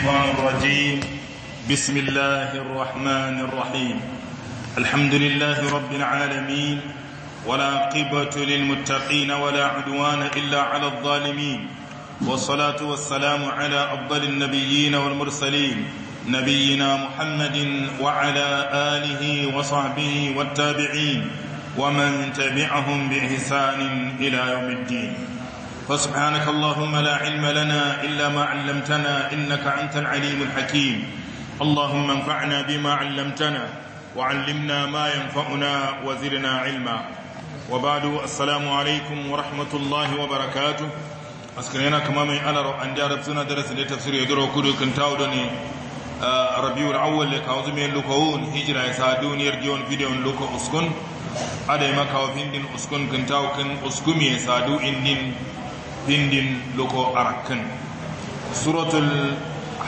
الشيطان الرجيم بسم الله الرحمن الرحيم الحمد لله رب العالمين ولا قبة للمتقين ولا عدوان إلا على الظالمين والصلاة والسلام على أفضل النبيين والمرسلين نبينا محمد وعلى آله وصحبه والتابعين ومن تبعهم بإحسان إلى يوم الدين فسبحانك اللهم لا علم لنا إلا ما علمتنا إنك أنت العليم الحكيم اللهم انفعنا بما علمتنا وعلمنا ما ينفعنا وزرنا علما وبعد السلام عليكم ورحمة الله وبركاته أسكننا كما من ألا أن جارب سنة درس لتفسير يدرو كدو كنتاو دني ربيع الأول لكاوز من لكوون هجرة يسادون يرجون فيديون لكو أسكن أدى ما كاوفين دين أسكن كنتاو كن أسكمي يسادو إن دين dindin loko arakan suratul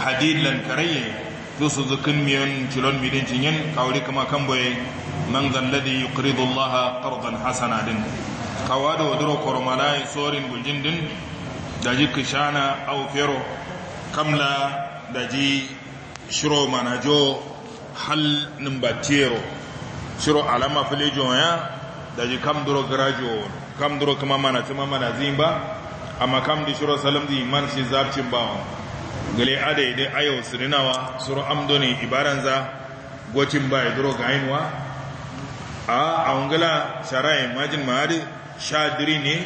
hadid lan karaye to su zukin miyan cilon midin cinyen kawari kama kan boye man zalladi yuqridu allaha qardan hasana din kawada wadro koromala sorin guljin din daji kishana au fero kamla daji shiro manajo hal nimbatero shiro alama filejo ya daji kam duro grajo kam duro kama mana tuma mana zimba a makam da shuro salam di man shi zabcin bawa gale da ide ayo sirinawa suru amdoni ibaranza gocin bai duro ga ainwa a awngala sharai majin sha diri ne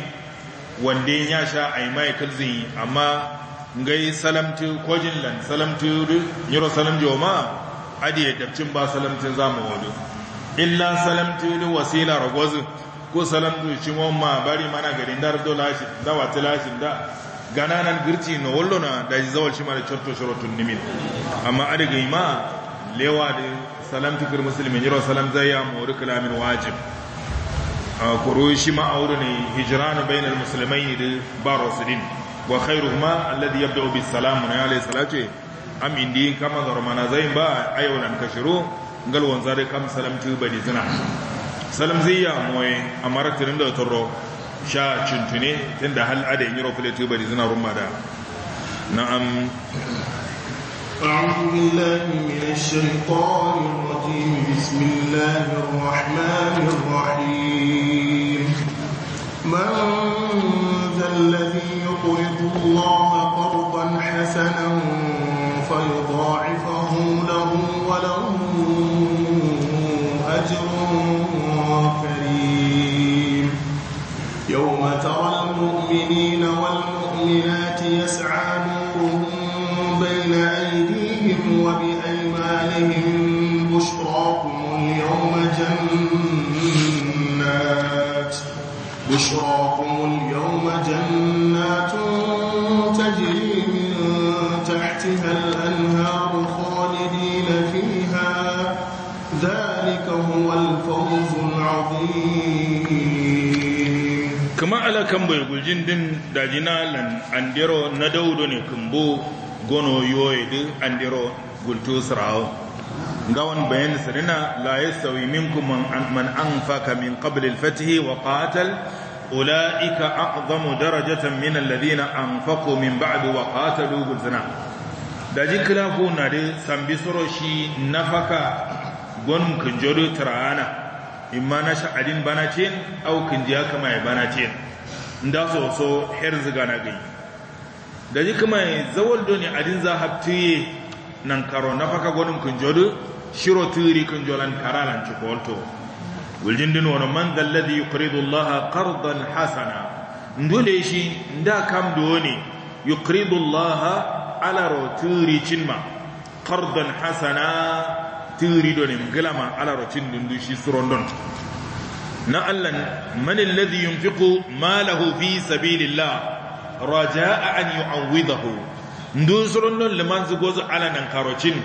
wande ya sha yi mai kalzi amma ngai salamtu kojin lan salamtu yiro salam da adi dabcin ba salamtin zamu wadu illa salamtu wasila ragwazu ko salam salandu ci ma bari mana gari ndar do lashi da gana nan da gananan girci no wallo na da ji zawal shi da chotto shirotun nimin amma gai ma lewa da salam musulmi musulmin yiro salam zai ya mori kalamin wajib a kuro shi ma auru ne hijranu bainal musulmai da barosidin wa khairuhuma alladhi yabda'u bis salam na alayhi salatu am indi kama zarmana zain ba nan kashiru galwan zare kam salam tu bani zina salmziya moye amara tinin da toro sha cintune tun da hal ada yin rofile tuba da zina rumma da na'am أعوذ بالله من الشيطان الرجيم بسم الله الرحمن الرحيم من ذا الذي يقرض الله المؤمنين والمؤمنات يسعى نورهم بين أيديهم وبأيمانهم بشراكم اليوم جنات بشراكم اليوم جنات تجري من تحتها الأنهار خالدين فيها ذلك هو الفوز العظيم kama ala kambo gujin din dajina lan andiro na daudo ne kumbo gono yoye din andiro gultu sirawo gawan bayan sirina la yasawi minkum man anfaka min qabl al-fath wa qatal ulaika a'zamu darajatan min alladhina anfaqu min ba'd wa qatalu gulzana daji kila na de sambi soro nafaka gonum kunjodo tarana imma na bana ce au kinjiya mai bana ce inda so so na gai da ji kuma zawal doni adin za haftiye nan karo na faka gonin kinjodu shiro turi kinjolan karalan cikolto wuljin din wani man dalladhi yuqridu allaha qardan hasana ndole shi nda kam doni yuqridu allaha ala roturi cinma qardan hasana tirido ne glama ala rocin dundu shi surondon na Allah man alladhi yunfiqu malahu fi sabilillah raja'a an yu'awwidahu ndun surondon liman gozu ala nan karocin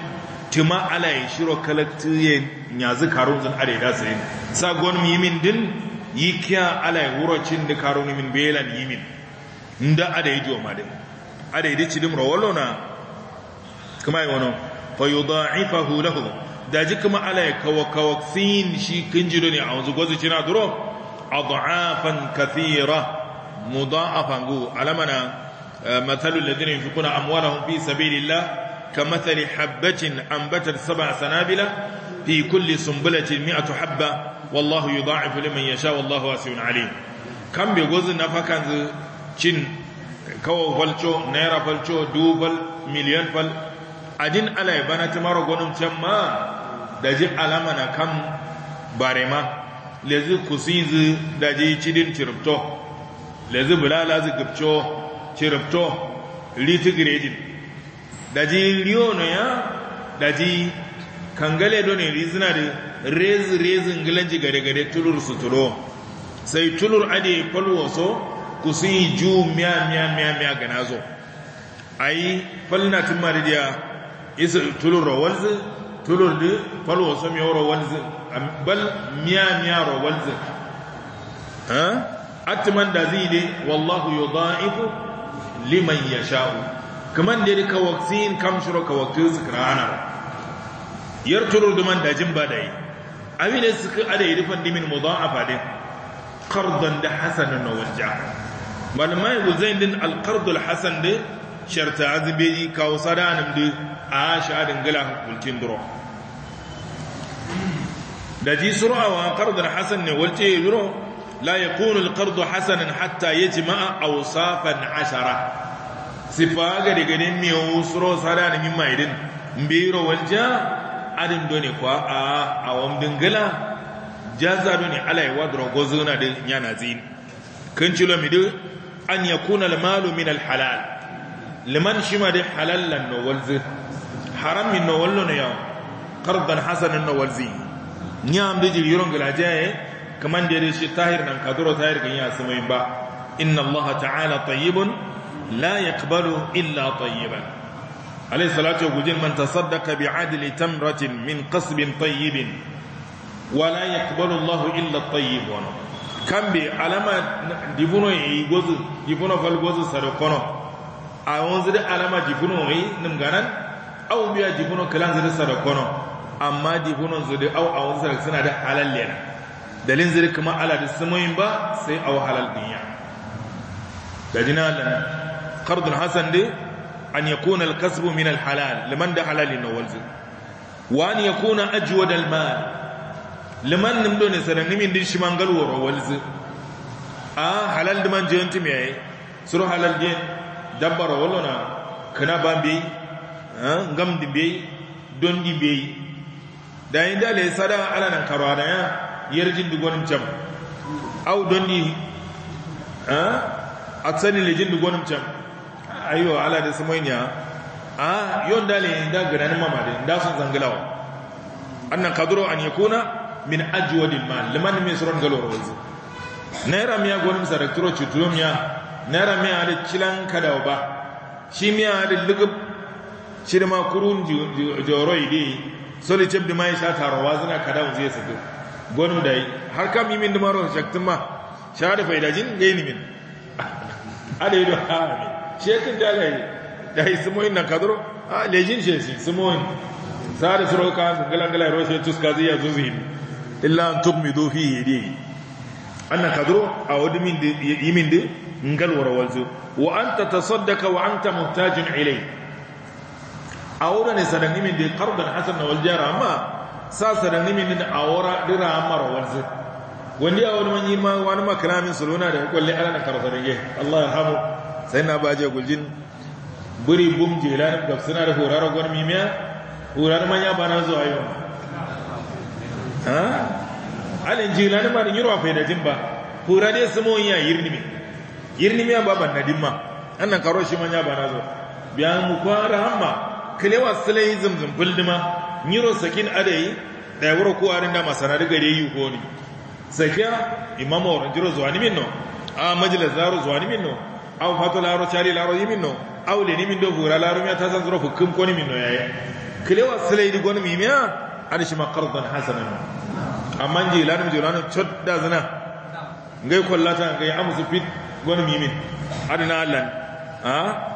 tuma ala yi shiro kalaktiye nyazu karun zan are da sai sagon yimin din yikiya ala yi wurocin da karun min belan yimin nda ada yi joma din ada yi dici dim kuma yi wano fa lahu daji kuma ala ya kawakawaksin shi kinjiro ne a wanzu gwazi cina duro a da'afan kathira mu da'afan gu alamana eh, matsalul da dirin shukuna amwala hun fi sabilillah ka matsali habbacin ambatar saba sanabila fi kulli sumbulacin tu habba wallahu yi da'ifu liman ya sha wallahu wasiyun ali kan bai gwazi na fakan cin kawo falco naira falco dubal miliyan fal adin ala ya bana ta mara gwanin can ma daji alama na kam barema lezi kusizi daji cidin ciripto lezi bulala zi gipco ciripto liti girejin daji riyono ya daji kangale doni rizina di rezi rezin ngilanji gare-gare tulur suturo sai tulur adi kwalwaso kusi ju miya miya miya miya ganazo zo a yi falina isa tulur rawalzi tulurde falwa som yoro walzin bal miya miya ro walzin ha atman da zide wallahu yudaifu liman yasha'u kaman da ka waksin kam shuro ka waktin zikrana yar tulurde man da jin badai abin da suka ada yi rufan dimin mudha'afa din qardan da hasanan wajja Malamai guzain din alqard alhasan din sharta azbe kawsara nan de a sha'adin gila hukuncin duro da ji sur'a wa qardun hasan ne walce duro la kunul alqard hasanan hatta a wasafan ashara sifa gari daga ne mi usro sara ne min maidin mbiro walja adin doni kwa a awam dingila jaza done alai wadro gozuna din yana zini kan cilo mi an yakuna almalu min alhalal liman dai halallan no walzi haram min no wallo no yaw qardan hasan no walzi nyam de jiri yoron gala jaye kaman de shi tahir nan kaduro tahir kan ya samai ba inna allah ta'ala tayyibun la yaqbalu illa tayyiban alayhi salatu gujin man tasaddaqa bi adli tamratin min qasbin tayyibin wa la yaqbalu allah illa at-tayyib kambe alama dibuno yi gozu dibuno fal gozu a wanzu da alama jibuno yi nimganan au biya jibuno kilan zuri sarakono amma jibuno zuri au a wanzu sarak suna da halal lena dalin zuri kuma ala da sumoyin ba sai au halal dunya da jina da kardun hasan dai an yakuna alkasbu min alhalal liman da halalin na wanzu wa an yakuna ajwad almal liman nim do ne sanan nimin din shimangal woro walzi a halal diman jiyanti me yayi suru halal jiyanti dabbara walona kana di bi be dondi be da yin dale sada ala nan karwana ya yarjin dugonin cham au dondi a tsani lejin dugonin cham ayo ala da samoyin ya a yon dale da gudanin mamade da sun zangalawa annan kaduro an yakuna min ajwadil mal liman min suran galoro wanzu naira miya gonin sarakturo miya. nara mi ada cilan kadau ba shi mi ada lugub shirma kurun joroi di soli cebdi mai sha taro wazina kadaw zai sadu gonu dai har kam min dumaro shaktin ma sha shahada faidajin gaini min ade do ha ne shekin dalai dai sumoyin na kadro a lejin shesi sumoyin sare suroka galangala roshe tuskazi ya zuzi illa an tuqmidu fihi di anna kadro a wadi min di yimin di ngalwar wanzu wa anta tasaddaka wa anta muhtajin ilai awra ne sadan nimin de qardan hasan wal jara amma sa sadan nimin da awra dira amar wanzu wani awon man yi ma wani makramin suluna da kulli alana karzarin ye Allah yarhamu sai na baje guljin buri bum jilan gafsina da horar gwan mimiya horar manya bana zuwa ayo ha alin jilan ma ni yiro fa da timba horare sumo yin yirni miya baban nadimma annan karo shi manya bana zo biya mu kwara hamma kilewa silai zumzum bulduma niro sakin adai da ya wuro ko arin masana daga da yi ko ne sakiya imamu wurin jiro zuwa ni minno a majalis laro zuwa ni minno a fato laro cari laro yi minno a wule ni mindo hura laro miya ta san zuro hukum ko ni minno yayi kilewa silai digon goni mimiya an shi makardan hasanan amma ji lanin jiranin cot da zina ngai kwallata ngai amsu fit gonmi min adna lan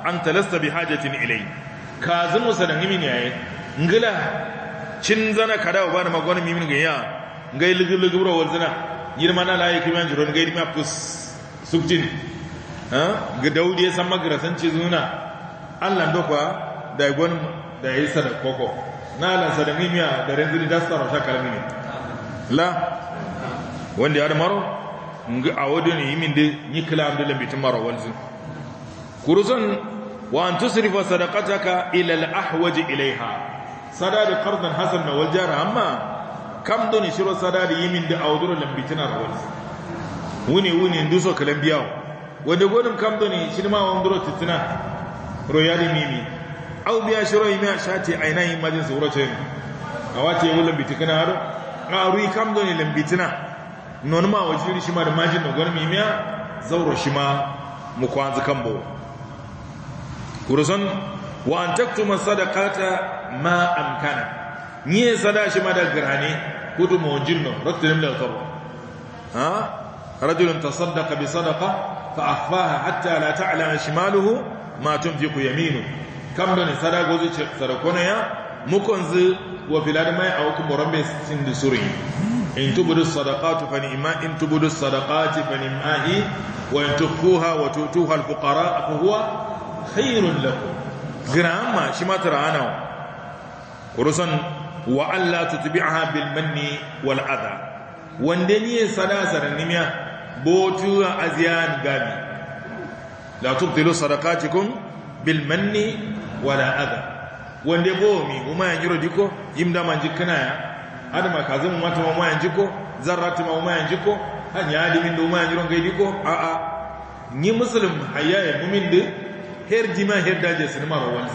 anta lasta bihajatin ilay kazin musa da mimin yayi ngila cin zana kada ba na magwani mimin ga ya ngai ligulugu bro zana yirma na layi kiman jiron gaidi ma pus sukjin ha ga daudi ya san magra san ce zuna Allah dokwa da gon da yi sada koko na lan sada mimiya da renzuri da tsaro shakar mini la wanda ya da maro nga awadun yiminde nyikla amdala mara walzu kurusan wa an tusrifa sadaqataka ilal ahwaji ahwaj ilayha sadari qardan hasan na jara amma kam doni shiro sadari yiminde awdur mara walzu wuni wuni nduso biya wadda godum kam doni shirma wanduro titina royali mimi aw biya shiro yimi shati ainayi majin surace awati wulan bitikana har qarui kam doni lambitina non ma wajiri shi ma da majin da gwarmi miya zauro shi ma mu kwanzu kan bo kurzon wa an taktuma sadaqata ma amkana ni sada shi ma da girhane kudu mu wajirno rattilin da tsaro ha rajulun tasaddaqa bi sadaqa fa akhfaha hatta la ta'lama shimaluhu ma tunfiqu yaminu kam da sadaqa zuci sarakona ya mukon wa filad mai a hukumar rabbi sin sindi suri in tubudu sadaqatu fa ni'ma in tubudu sadaqati fa ni'ma'i wa in tukhuha wa tutuha al-fuqara fa huwa khairun lakum girama shi ma tarana kurusan wa alla tutbi'aha bil manni wal adha wanda ni sadasar nimiya botu azyan gami la tubtilu sadaqatikum bil manni wala adha Wande bomi kuma yanjiro diko yimda manjikana ya hada makazimu mata wa njiko jiko zarratu njiko mayan jiko han ya alimin ngai mayan jiron gaidi ko a a ni muslim hayaye mumin de her jima her daje ma ba wani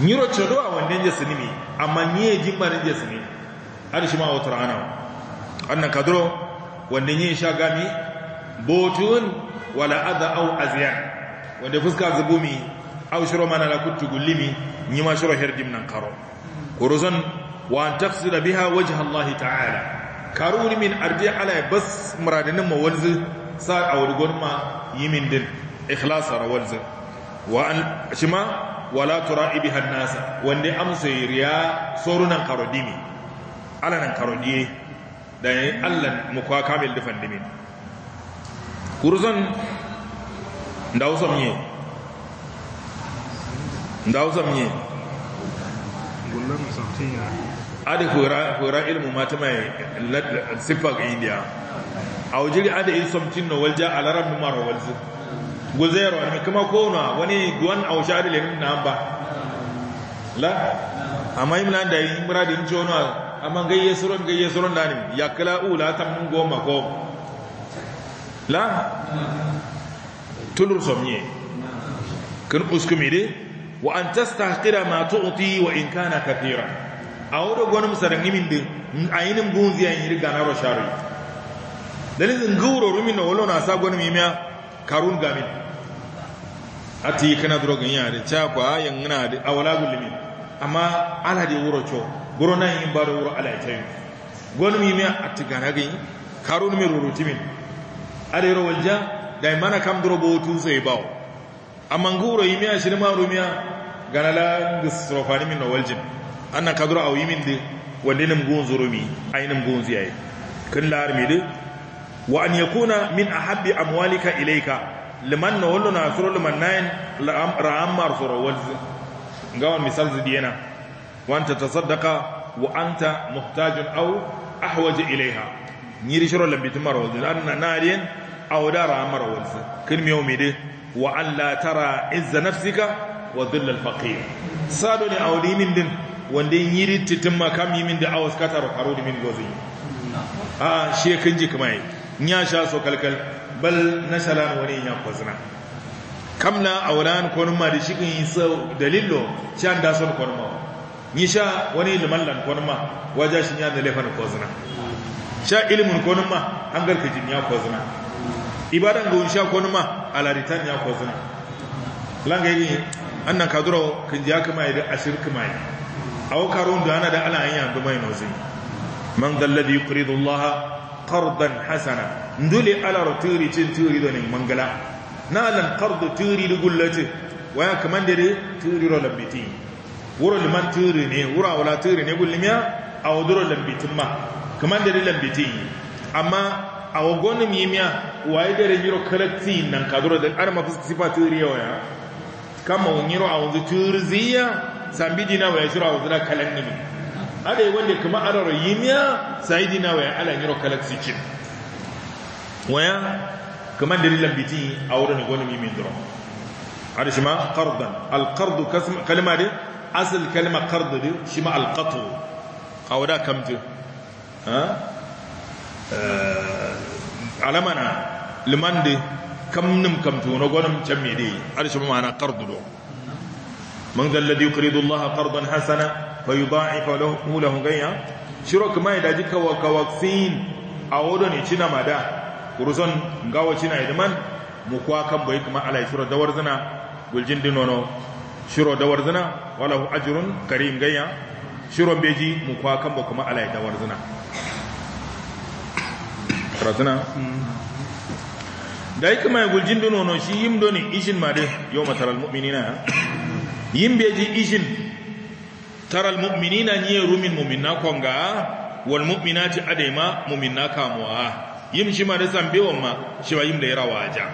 ni ro chodo a wannan je mi amma ni e jimma ne je mi har shi ma wata rana annan kadro wannan yin gami botun wala adha au azya wanda fuska zubumi au shiro mana la kutugulimi gullimi ni ma shiro her jimnan karo korozon wa an tafsira biha wajha Allah ta'ala karuni min arji ala bas muradanin ma walzi sa a wurgon ma yimin din ikhlasa rawalzi wa an shima wala tura'i biha nasa wanda amsa riya sorunan karodimi ala nan karodiye da yayin Allah mu kwa kamil difan dimin kurzan ndawsam ne ndawsam ne gullan sabtiya ada hura ilmu mata mai siffar indiya a wajiri ada yi somtin na walja a larabin mara walzu guzero ne kuma kona wani duwan a wasu adil na ba la amma yi muna da yi muradin jono amma gayye suron gayye suron da ne ya kala ula ta mun goma ko la tulur somye kan uskumi dai wa an tasta kira ma tu'ti wa in kana kafira? awodo gonum sarangiminde ayinim gunzi ayiri ganaro shari dalil nguro na wolo na sa gonum miya karun gamin yi kana drogin ya de cha kwa yan na de awala gulimi amma ala da wuro co, goro na yin da wuro ala tayi a yimya gana gani karun mi rurutimin ade ro da yi mana kam drobo tu sai bawo amma nguro yimya shirma rumiya ganala gisrofani min waljin annan kadro aw yimin de wande nem gon zurumi aynam gon ziyaye kan lahar mai duk wa an yakuna min haɓe amwalika ilaika liman na wallo na suru liman nayin ra'an marsura walzi gawan misal yana wanta saddaka wa an anta muhtajun aw ahwaja ilaiha nyiri shiro lambitin marwalzi na nariyan aw da ra'an marwalzi kan miyau mai duk wa an la tara izza nafsika wa dhilla al-faqir yi min din wanda yin yiri titin makam yi min da awas kata rafaro da min gozi a shekin ji kuma yi ya sha so kalkal bal na shalan wani ya kwazina kamla a wuran kwanin ma da shi kan yi dalilo shi an dasar kwanin ma yi sha wani lan kwanin ma wajen shi ya da laifin kwazina sha ilimin kwanin ma an garka jin ya kwazina ibadan ga sha kwanin ma a laritan ya kwazina langa yi annan kadurawa kan ji ya kama yi da ashirin kama yi aw karundu ana da ala anya ndu mai nozi man dalladhi yuqridu allah qardan hasana nduli ala ruturi tin turi do nin mangala Na nalan qardu turi du gullati waya kaman dere turi ro lambiti wuro liman turi ne wuro wala turi ne gullumiya, aw duro lambitin ma kaman dere lambiti amma aw gonu yimiya, waye dere yiro kalatti nan kaduro da arma sifatu riyo ya kama wonyiro aw zu turziya dina wa yasira wa zira kalan nimi ada yi wanda kuma arara yimiya dina wa ya ala yiro su sikin waya kuma dalilan biti a wurin gwani mimin duro ada shi ma kardan al kalima kalma de asal kalima qardu de shi ma al a wada kamti eh, Alamana alamana limande kamnum kamtu no gonum chamme de ada shi ma ma'ana kardu do من ذا الذي يقرض الله قرضا حسنا فيضاعف له له غيا شرو كما يداجي كوا كوكسين اودن يچنا مادا كروزون غاو چنا يدمان مكوا كان باي كما على شرو دور زنا گلجين دينونو شرو دور زنا وله اجر كريم غيا شرو بيجي مكوا كان بو كما على دور زنا رتنا da yake mai guljin dono shi yim doni ishin ma dai yau mataral mu'minina yimɓeji ishin, tara almu'minina niye rumin muminna konga wal mu'minati adema muminna kamuwa yim shima da sambe wamma shi yim da yara waja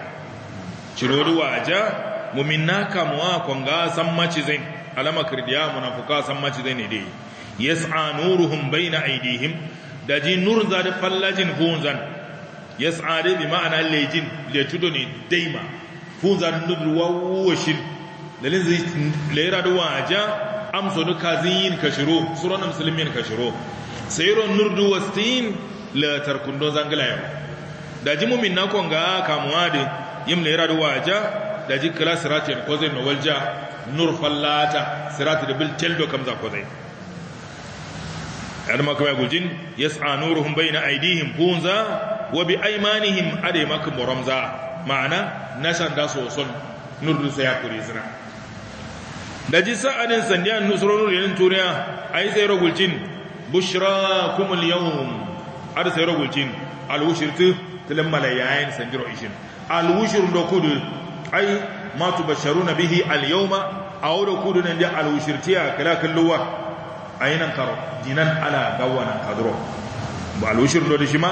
cirori waja muminna kamuwa konga san maci zai alama kirdiya munafuka san maci zai ne dai yas'a nuruhum bayna aydihim da ji nur za da fallajin hunzan yas'a dai bi ma'ana lejin le tudo ne daima funzan nudru wa washin lalin zai laira da amso amsonu kazin kashiro suron musulmin kashiro sayiron nurdu wastin latar kundon zangala yau da ji mumin na konga kamuwa da yin laira da waja da ji kira sirati kwazai zai walja nur fallata sirati da biltel teldo kamza ko zai yar maka ya sa yas'a bai na aidihin kunza wa bi aymanihim adai maka muramza ma'ana nasan da soson nurdu sai ya kuri zina da ji sa'adin sandiyan nusrorin yanin turiya a yi tsayar gulcin bushra kuma yawon a da tsayar gulcin alwushirtu tilin malayayen sandiro ishin alwushirin da kudu ai matu basharu na bihi alyauma a wadda kudu nan da alwushirtiya kala kalluwa a yi nan karo jinan ala gawa nan kadro ba alwushirin da shi ma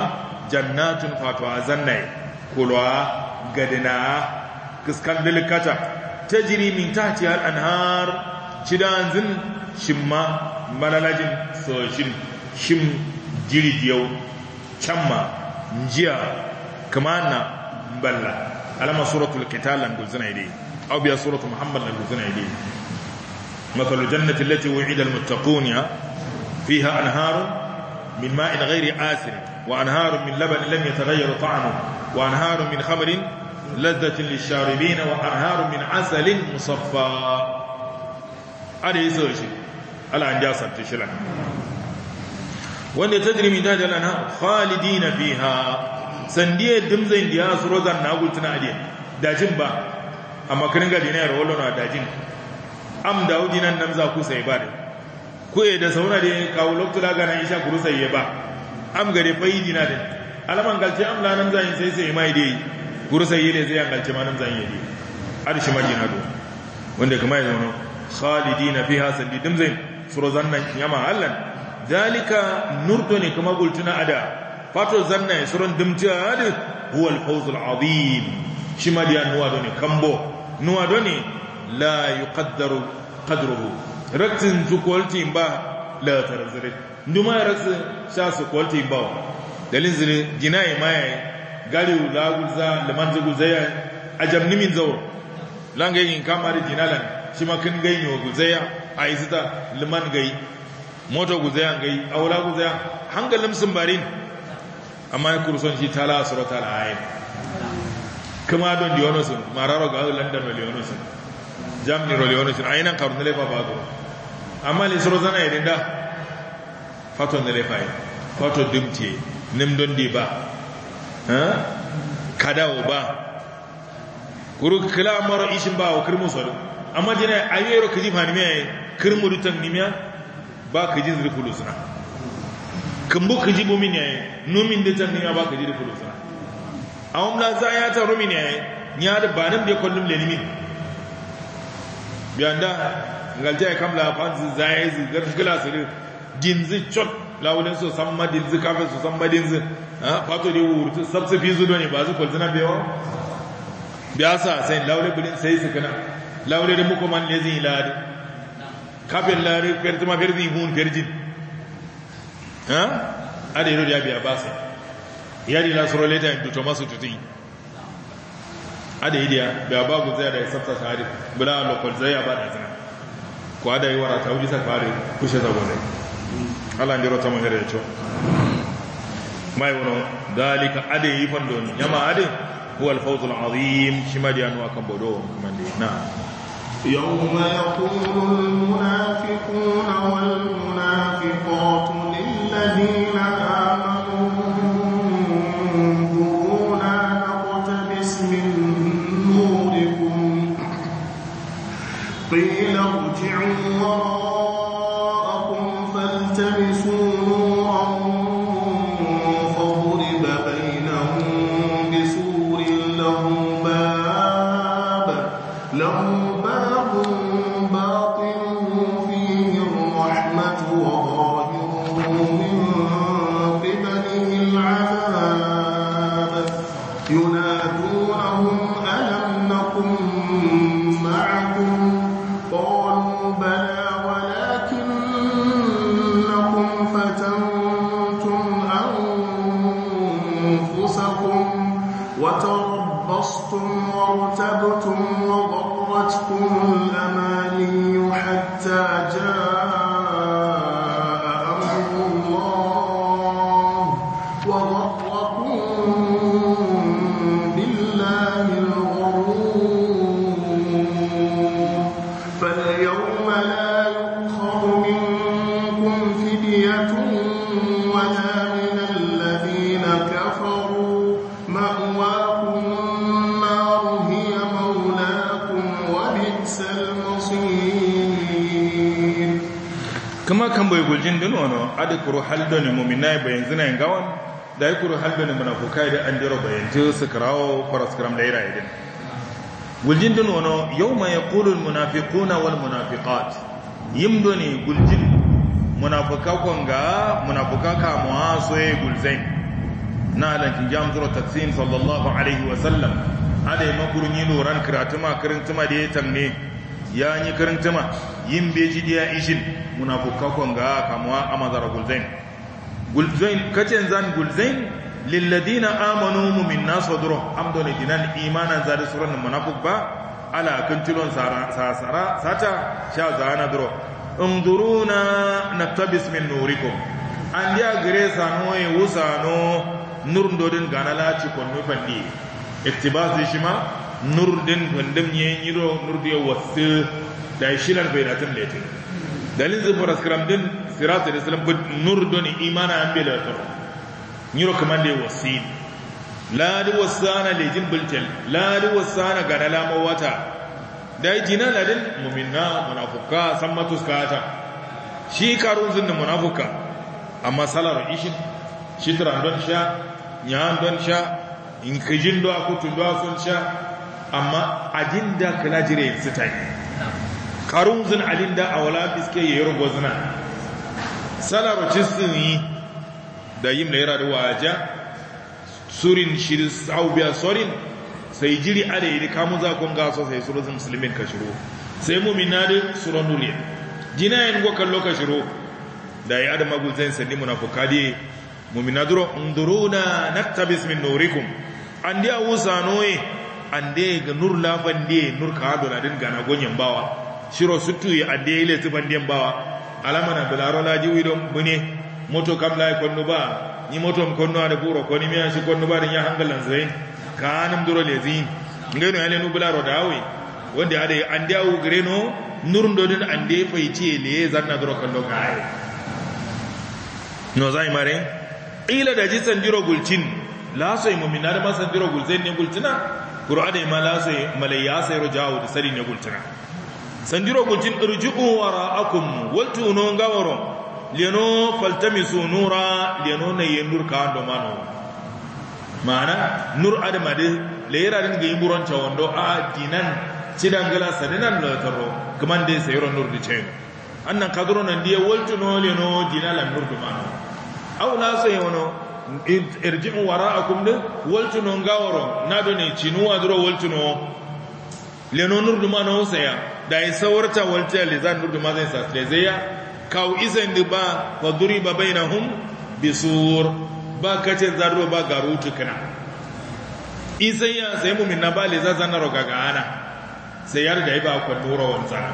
jannatin fatuwa zannaye kulwa gadina kiskan dilikata tajiri min tahti hal anhar cidan zin shimma malalajin so shim shim jirgiyau camma jiya kamana balla alama suratul qital lan gulzina ide aw biya suratu muhammad an gulzina ide مثل الجنة التي وعد المتقون فيها أنهار من ماء غير آسر وأنهار من لبن لم يتغير طعمه وأنهار من خمر laddatin lisharibin wa anharun min asalin musaffa ada yi sau shi ala an ja wanda ta jirmi ta jala na khalidi na biha sandiya dimzin da ya suro zan na gultuna adiya dajin ba a makarin gadi na yaro wallona dajin am da hudi nan nan za ku sai ba da ku da sauna da kawo loktula gana isha kuru sai ba am gare fa'idina da alaman galce am lanan zai sai sai mai dai gursa yi ne zai yankalci manin zan yi arshi magina do wanda kuma ya zaune khalidina fiha sallidim zai suro zannan yama allan zalika nurdo ne kuma gultuna ada fato zannan ya suron dimtiya adi huwal alfawzul azim shi ma diya nuwa do ne kambo nuwa do ne la yuqaddaru qadruhu raktin zu quality ba la tarzire nduma raksin sha su quality ba dalin zire ginaye mayaye gari la gulza da man a zaya ajam nimin zawo lan gayin kamari jinalan shi ma kin wa yo gulzaya a izita liman gayi moto gulzaya gayi aula gulzaya hangalin sun bari amma ya kurson shi tala surata da ayin kuma don dionusun mararo ga london leonusun jamni yi nan karu lefa ba go amma le suru zana yi rinda faton da lefa yi faton dimtiye nim don di ba kadawo ba kuru kila maro ishin ba wa kirmu soro amma jina yaro kaji fani me kirmu dutan nimiya ba kaji zuri kulusuna kambu kaji bumi numin dutan nimiya ba kaji zuri kulusuna awon za ya ta rumi ne ya da banin da kullum biyan da ngalta ya e kamla fanzi zai e zigar kila sirri ginzi chot lawulen su san madin zu kafin su san madin zu fato yi wurtu sabsu fi zu doni ba su kulzina bewa biya sa sai lawule bulin sai su kana lawule da muku man lezi ladi kafin lari ferti ma ferti hun ferjin ha Adai yaro ya biya ba sai yari la soro leta indu su masu tuti adai idiya biya ba gu zai da sabta tare bula lokal zai ya ba da zina ku adai yi wara ta wuce sa fare kushe ala ndiro tamo herecho mai wono dalika ade yifandon nyama ade huwa al-fawz azim shimadi anwa kambodo kamande na يوم يقول المنافقون والمنافقات للذين آمنوا انظرونا قيل ارجعوا adkuru haldon mu'minai bayan zina yin gawan da yukuru haldon munafukai da an diro bayan ji su karawo faraskram da iraye din guljin din wono yawma yaqulu almunafiquna wal munafiqat yim ne guljin munafuka kwanga munafuka kamuwa yi gulzain na alankin jamzuro taksim sallallahu alaihi wasallam ala yi makurin yi loran karatuma karintuma da ya tamme ya ni karantama yin beji diya ishin munafuka ga kamuwa a mazara gulzain gulzain kacin zan gulzain lilladina amanu mumin naso duro amdoni dinan imanan zari tsoron muna ba ala tilon sasara sata sha zana duro na naktabis min noriko an diya gire sano ya wusa no nurdodin ganala cikon nufan ne shi ma nurdin bandam ye nyiro nurdiya wasu da shilan bayratin lati dalin zubu raskram din siratu da Islam bud nurdun imana an bela to nyiro kaman da wasin la di wasana lejin bultel la di wasana ga dalama wata dai jina ladin mu'minna munafiqa sammatus ta. shi karun zin munafiqa amma salar ishin shitran don sha nyan don sha in kijin do akutun do sun sha amma ajinda kala jire sitai karun zin ajinda awala biske yero gozna sala rocisni da yim lera da ja surin shirin saubiya sorin sai jiri ale yi kamun za kun ga so sai musulmin muslimin ka shiro sai mu'mina da suron duniya jina yin kallo loka shiro da ya adama guzai sanni munafukadi mu'mina duro unduruna naktabis min nurikum wusa noye. ande ga nur la bande nur ka do ladin gana gonyen bawa shiro sutu ya ande ile tu bande bawa alama na bilaro la ji wido bune moto kam la ko ba ni moto ko no ada buro ko mi shi ko ba ba ya hangalan zain kanum duro le ngai no ale no bilaro dawe wanda ada ande au greno nurun dodin ande faice le zanna duro kallo ga ai no zai mare ila da jitsan diro gulcin la sai mu minna da masan diro gulzen ne gulcina qur'ane malase malayya sai rujawu da sarin ya guntuna sandiro guntin irji'u wara'akum waltu no gawaro leno faltamisu nura leno ne yendur ka ando mano mana nur adamade leera din ge buron ta wando a dinan cidangala sadinan lo taro kaman sai sayro nur di chain annan kadro nan die waltu no leno dinala nur dumano aw la sayono irji'u wara'akum de waltuno na da ne chinuwa duro waltuno leno nurdu mano saya da ya sawarta walta lizan nurdu mazai ya kawo izan da ba wa na bainahum bisur ba kace zarro ba garu tukuna. izan ya sai mumin na ba zan ro gaga ana sai yar da ba ku tura wanza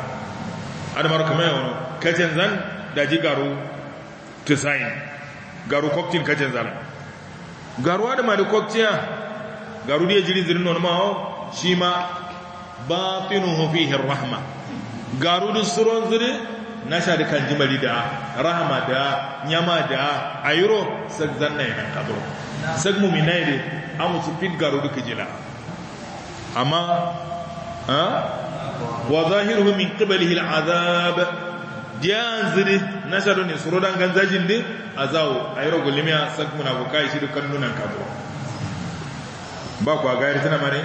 adamar kuma yau kace zan da ji garu tusain garu koktin kace zan garuwa da malikokciya garu da ya jiri zirin wani ma'o shi ma batinu hufihin rahama garu da suron ziri na sha da jimali da rahama da nyama da ayiro sag zanna yana kadro sag mumina ne amu su fit garu da kajila amma wa zahiru min qibalihi al'azab diyanziri nasharu ni surodan ganzajin di a yi gulimiya sakmuna bukai shi dukkan nunan kabo ba kwa gairi tana mare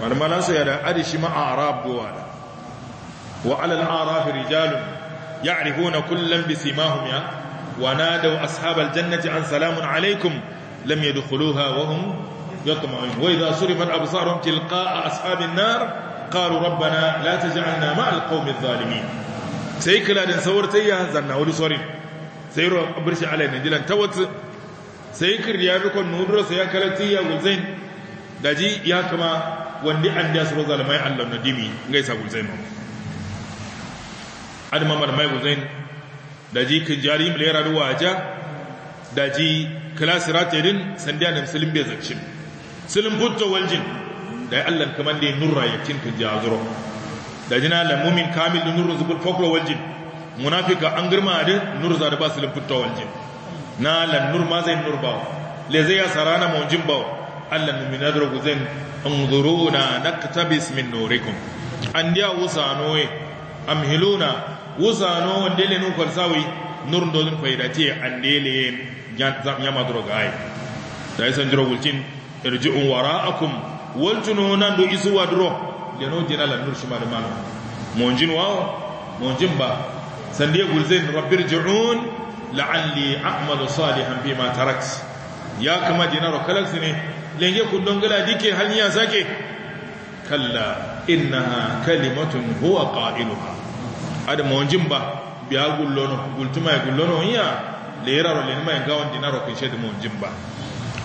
malmalan su da adishi ma arab duwala wa ala al-araf rijalun ya'rifuna kullam bi simahum wa na ashab al-jannati an salamun alaikum lam yadkhuluha wa hum yatma'un wa idha surifat absaruhum a ashabin nar ƙaru? rabbana la taj'alna ma'al qawmi zalimi. sai kiladin sawartayya zanna wani sorin sai ruwa birshi alai nijilan ta wata sai kirya rikon nudura sai ya kalatiyya gulzain daji ya kama wanda an ja suro zalamai allah na dimi ngai sa gulzain ma adama malamai gulzain da ji kinjari milera ruwa a ja daji ji kilasiratirin sandiya na musulun bai zaccin silin butto waljin da ya allah kamar da ya nurra yakin kinjari da jina la mu'min kamil nurin zubul foklo wal jin munafika an girma da nur za da ba su lin waljin. wal jin na lan nur ma zai nur bawo le zai yasa sarana mu jin allah Allah mina da ku zan anzuruna naktabis min nurikum an wusa wusanoe amhiluna wusano wandele nu kwalsawi nur ndodun faydati andele yama droga ay da isan drogulcin irji'u wara'akum wal jununa du isu wadro yano jina la nur shima da malam monjin wawo monjin ba san dai gulzain rabbir ji'un la'alli a'malu salihan bima tarakt ya kama jina ro kalax ne lenge ku dongala dike hanya sake kalla innaha kalimatun huwa qailuha ada monjin ba biya gullono gultuma ya gullono ya lera ro lenma ya gawan dinaro kun shedi monjin ba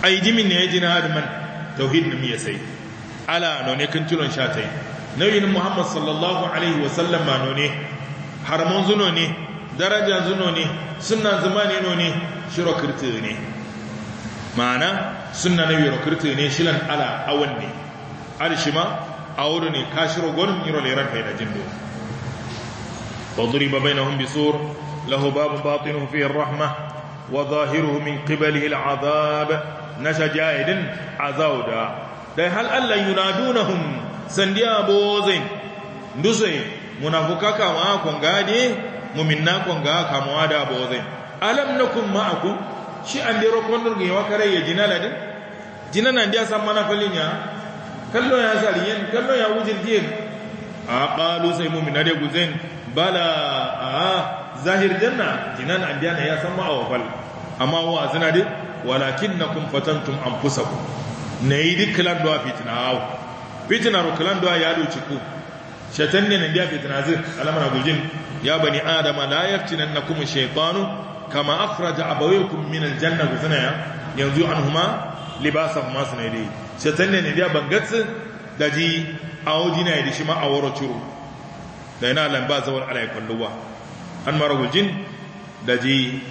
ai jimin ne jina hadman tauhid ne mi ya sai ala none kan tilon shatai nabiyin muhammad sallallahu alaihi wasallam ma none harman zuno ne daraja zuno ne sunna zamani no ne shiro kirti ne ma'ana sunna nabi ro kirti ne shilan ala awan ne alshima awuru ne kashiro gon iro leran faida jindo وضرب بينهم بسور له باب باطنه فيه الرحمه وظاهره من قبله العذاب نسى جاهد عذاب dai hal alla yunadunahum sandiya bozin nduse munafukaka wa kongade muminna konga da bozin alam nakum ma'aku shi andero kondor ge wakare ya jinala din jinana ndia samana falinya kallo ya saliyen kallo ya din a qalu sai muminna de guzen bala a zahir janna jinan andiyana ya san ma'awfal amma wa azna din walakinnakum fatantum anfusakum na yi duk kilan duwa fitina hau fitina ro kilan ya doci ku shaitan ne na biya fitina zai alamana gujin ya bani adama la yaftinan na kuma shaitanu kama akhraja abawaykum min aljanna gusana ya yanzu an su libasahuma sunaydai shaitan ne na biya bangatsu da ji hoji na yi shi ma aworo ciro da yana lamba zawar alai an marahul jin da ji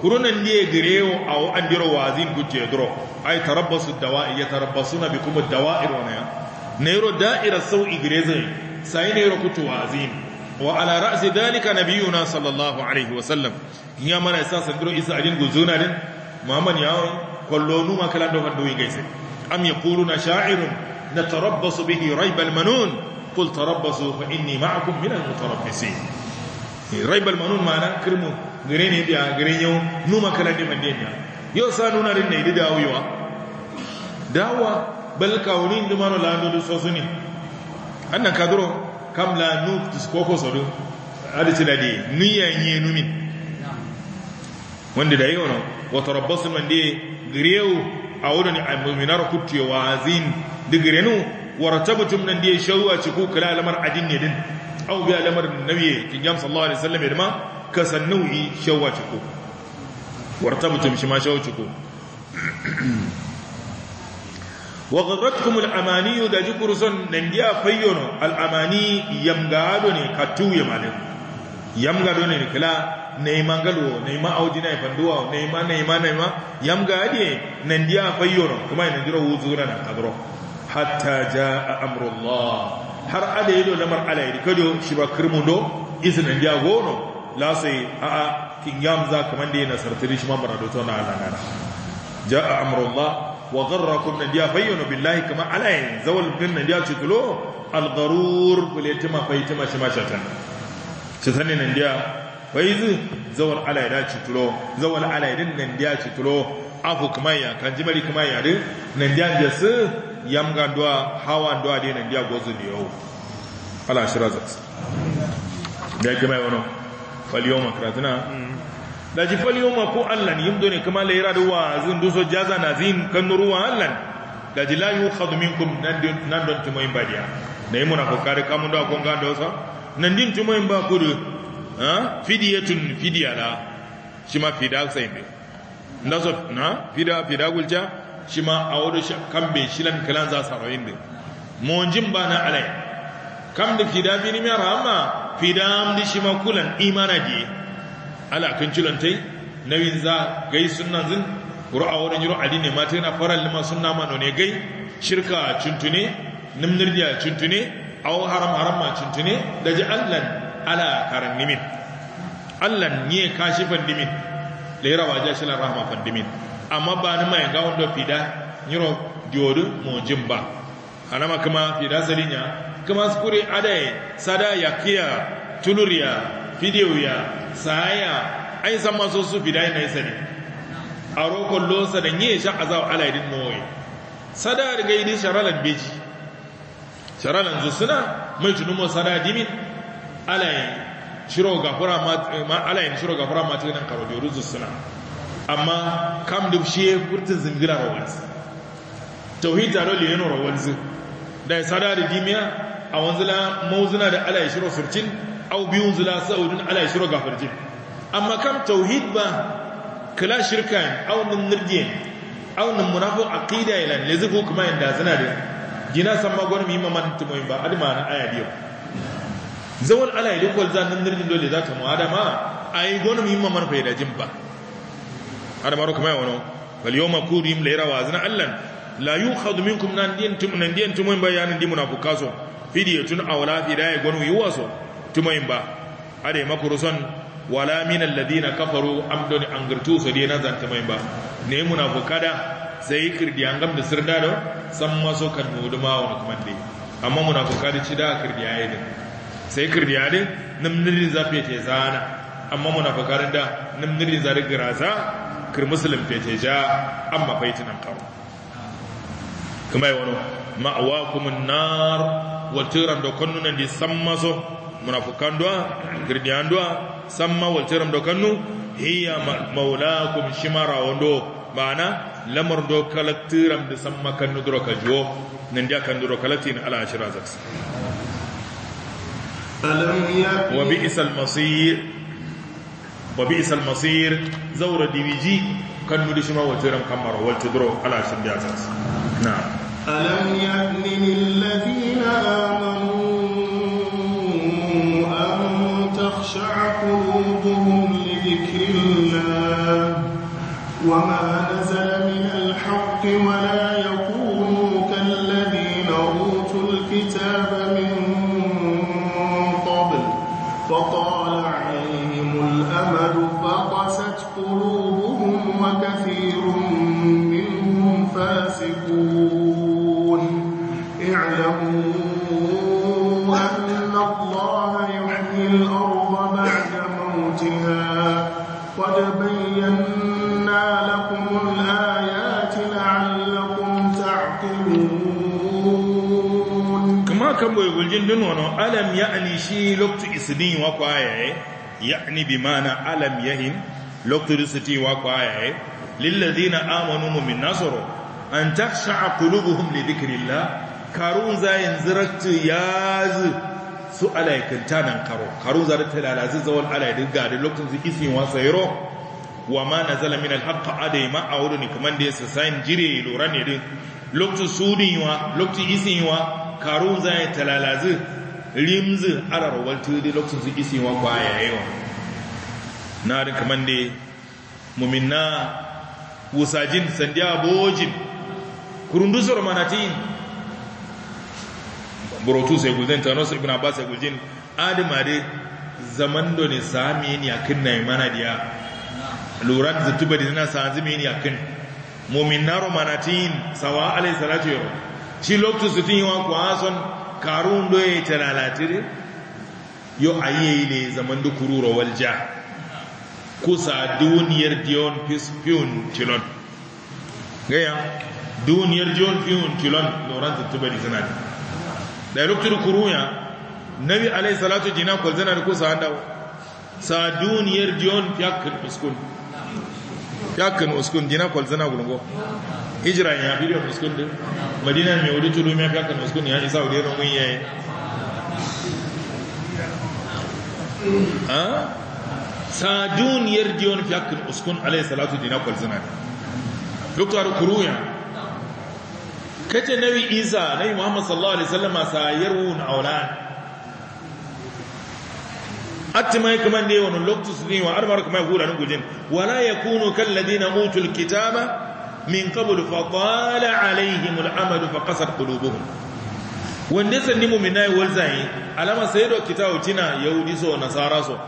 kurunan ne gireo aw andiro wazin gujje dro ay tarabbasu dawa'i yatarabbasuna bikum ad-dawa'ir wa ya nayro da'ira sau'i girezai sai nayro kutu wazin wa ala ra'si dalika na sallallahu alaihi wa sallam ya mara isa sandiro isa ajin guzuna din muhammad ya kollo nu makala kalan hando yi gaisa. am ya yaquluna sha'irun natarabbasu bihi rayb al Kul qul tarabbasu fa inni ma'akum min al-mutarabbisin Eh, raibal manun mana kirmu gare ne biya gare yau numa kala ne mande ne yau sa nuna rin ne da dawowa dawa bal kawuni da mano la ndu so suni annan kaduro kam la nu tiskoko so do hadi tida de niya nye numin wanda da yau no wa rabbasu mande gare a wurin al-mu'minar kutiyo wa azin digrenu wa nan da shawwa ci ku kala lamar adin ne din biya lamar alamar kin kingam sallallahu alaihi wasallam irma kasannawi shawachiko wartabtum shima shawachiko wa gharratkum al-amani da jikuruson nan dia fayyono al-amani yamgado ne katu yamane yamgado ne kila ne mangalo ne ma audi ne fanduwa ne ma ne ma ne ma yamgadi nan dia fayyono kuma nan jiro wuzura na kabro hatta jaa amrullah har ada yido lamar alayri kado shi ba kirmundo izinin ya gono la sai a a kin yam za kaman da ya sartiri shi ma da tona na Allah gara a amrullah wa gharrakum nan ya bayyana billahi kama alayri zawal bin nan ya tulo algarur gharur bil yatima faytima shi ma shatan shatan nan ya faiz zawal alayri ya tulo zawal alayri nan ya tulo afu kuma ya kan jimari kuma ya din nan ya jasu yamga doa hawa ndoa aliyenambia gozo ni yohu ala ashira zasi da kuma yono yoma kratna da mm. ji yoma ko allan yimdo ne kama laira duwa zin duso jaza na zin kan nuruwa allan da ji la yukhadhu minkum nan don ne mu na yi kare kokari kamun ko kun ganda wasa nan din tumoyin ba ha fidiyatun fidiyala shi ma fida sai ne ndaso na fida fida gulja shi ma a wadu shi lan kalan za sa royin de monjin na alai kam da fida bi ni mara amma fida amdi shi ma kulan imana ji ala kan cilan tai nawin za gai sunnan zin qur'a wadu jiro ne mata tana faral lima sunna ma ne gai shirka cuntune nimnirdiya cuntune awo haram haram ma cuntune daji allan ala karan nimin allan ne kashifan dimin lera rawa shi rahama fandimin amma ba ni mai ga wanda fida yiro diodu mo jimba anama kama fida salinya kama skuri adai sada yakia tuluria video ya saya ai ma so su fida ina sani aro kollo da nye sha azaw alaidin noye sada riga yi sharalan beji sharalan zusuna mai tunumo sada dimin alayin shiro gafura ma alayin shiro gafura ma tunan karo diodu zusuna amma kam da shi ya furtun zingira wa wanzu tauhid taro da yana wa wanzu da ya sada da dimiya a wanzula mauzuna da ala ya shiro fircin au biyun zula sa'udin ala ya shiro gafirjin amma kam tauhid ba kala shirka au aunin nirje au munafo a aqida ila lalle zuku kuma da zina da gina san magwar mi maman tumoyin ba adi na aya biyu zawal ala ya dukkan zan nirgin dole zaka mu adama ai gonu mi maman faida jin ba har maro kuma wano bal yawma kurim le rawa zina allan la yukhad minkum nan din tum nan din tum ba yanin di munafikaso fidiyatun awla gwanu yi waso tumoyin ba are makurusan wala min alladhina kafaru an gartu so dina zan tumoyin ba ne munafikada sai kirdi gam da sirda don san maso kan ma wa kuma dai amma munafikada ci da kirdi yi din sai kirdi yayi nimnirin zafe te zana amma munafikada da nimnirin zarigira za kir ja an amma faitinan karo kuma yi wani ma'awa kuma nar waltiran da kannunan di san maso munafukan duwa girdiyan duwa san ma waltiran da kannu hiya shi mara wando ma'ana lamar do kalaktiram da san makan duro ka juwo nan da kan duro kalatin ala ashira zaksa alam ya wa bi'sal masir وبئس المصير زور دي بي جي كان مودي شما وتيرن كامار والتدرو على شد اساس نعم الم يأذن للذين امنوا ان تخشع قلوبهم لذكر الله وما نزل من الحق ولا gindin wano alam ani shi loktu isnin wa ya ani bi mana alam hin loktu risiti wa kwaye lilladhina amanu min nasoro an taksha'a qulubuhum li dhikrillah karun zayin ziraktu yazu su alaikanta nan karo karun ta talala zawal alaidin gadi loktu su isin wa sayro wa ma zala min alhaq adai ma wurin kaman da sa sayin jire lura ne din loktu sudin wa isin wa karun za talalazi rimzi arar walta da lokacin su isi wa kwaya yawa na da kaman da muminna wusajin sandiya bojin kurundusar manatin burutu sai guljin tanosu ibina ba sai guljin adama da zaman da ne sami yin yakin na yi mana diya lura da tuba da zina sa zumi ne a kin romanatin sawa alai salatu yau shi lokacin su tinyewa kuwa son karun doye ta lalatire yau a yi ne zaman da kurura walja kusa duniyar dion fiyon kilon gaya duniyar dion fiyon kilon lauran tattubari suna ne da lokacin kuruya nabi alai salatu jina kwalzana da kusa handawa sa duniyar dion fiyakin uskun uskun jina kwalzana gulungo hijira ya bi da muskun din madina mai wuri tulu mai kaka muskun ya isa wuri ran mun yayi ha sadun yardiyon fi muskun uskun alayhi salatu dina kol zina dokar kuruya kace nabi isa nabi muhammad sallallahu alaihi wasallam sayarun aulan atima kuma ne wannan lokacin ne wa arbar kuma gura nan gujin wala yakunu kal ladina utul kitaba min qablu fa dala alaihim al'amalu fa qasat qulubuhum wanda sanni mu'mina yi walzai alama sayyidu kitabu tina yahudi so nasara so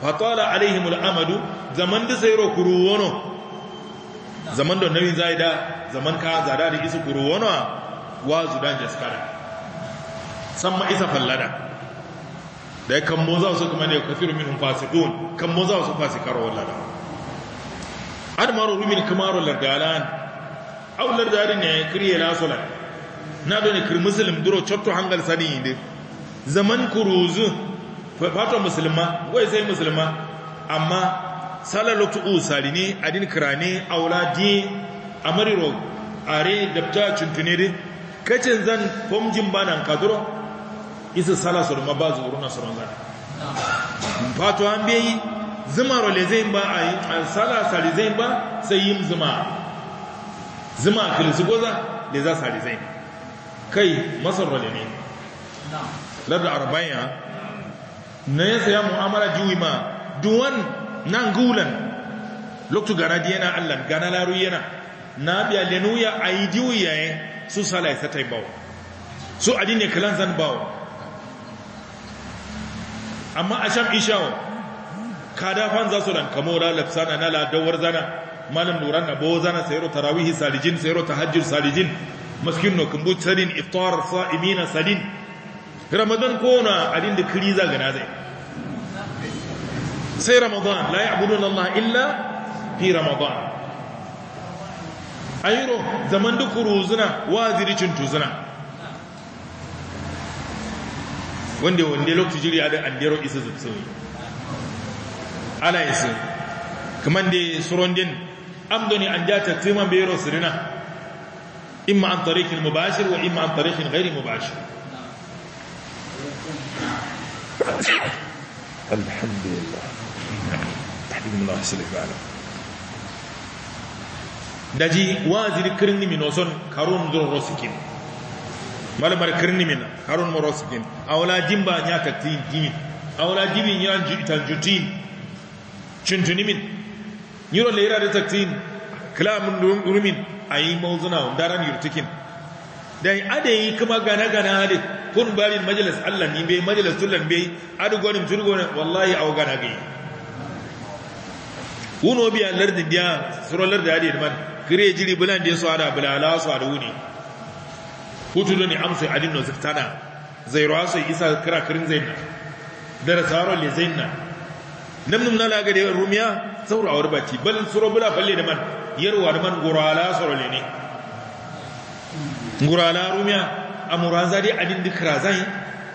fa dala alaihim al'amalu zaman da sayro kuruwono zaman da nabi zaida zaman ka zada da isu kuruwono wa zudan jaskara samma isa fallada da kan moza su kuma ne kafiru minhum fasiqun kan moza su fasikar wallahi ad maro rumin kamaro lardalan aw lardari ne kriye la sola na do ne kir muslim duro chotto hangal sani inde zaman kuruzu fato musulma wai sai musulma amma sala loktu usali ne adin kirane auladi ro are dabta chuntune de kacin zan fomjin banan kaduro isa sala sur mabazu uruna suran zan fato an zuma zai ba a yi alsala zai ba sai yi zuma zuma goza, da za zai kai masar wale ne lardar arba'in na ya saya mu'amala juwi ma duwan nan gulan Loktu gana di yana allan gana laru yana na biya lenuya a yi juwi yayin eh? su sala ya satai bawo su adini kalan zan bawo amma a sham ishawo kada fan za su lankamo la lafsana na ladawar zana malam nuran na bo zana sayro tarawih salijin sayro tahajjud salijin maskin no kumbu sadin iftar sa'imina salin ramadan ko na adin da kiri za gana zai sai ramadan la ya'budun allah illa fi ramadan ayro zaman ruzuna zuna waziricin tuzuna wanda wanda lokaci jiri ya da andero isa zubsuni ala kaman kamande surondin amdoni an jata tima bero sirina imma an tariq al mubashir wa imma an tariq al ghayr mubashir alhamdulillah لله allah subhanahu الله سبحانه وتعالى دجي وازي كرني من وصن كارون ذو رسكين kirni min karun morosikin rosikin awla jimba ya ka tini awla jimi jibi ya jutin cintuni min yiro lera da taktin kalamun rumin ayi yurtukin. Da yurtikin dai adai kuma gana gana ade kun barin majalis Allah ni bai majalis tullan bai adu gonim wallahi a gana gai wuno biya lardin biya suro lardi ya man kire jiri bulan da so ada bulala so da wuni hutu ne amsa adin no zaktana zai rasu isa kira kirin zainna da rasaro le zainna namnum na laga da rumiya saura awar bati bal suro bula balle da man yarwa da man gurala suro ne ne gurala rumiya amuran zadi adin dikra zai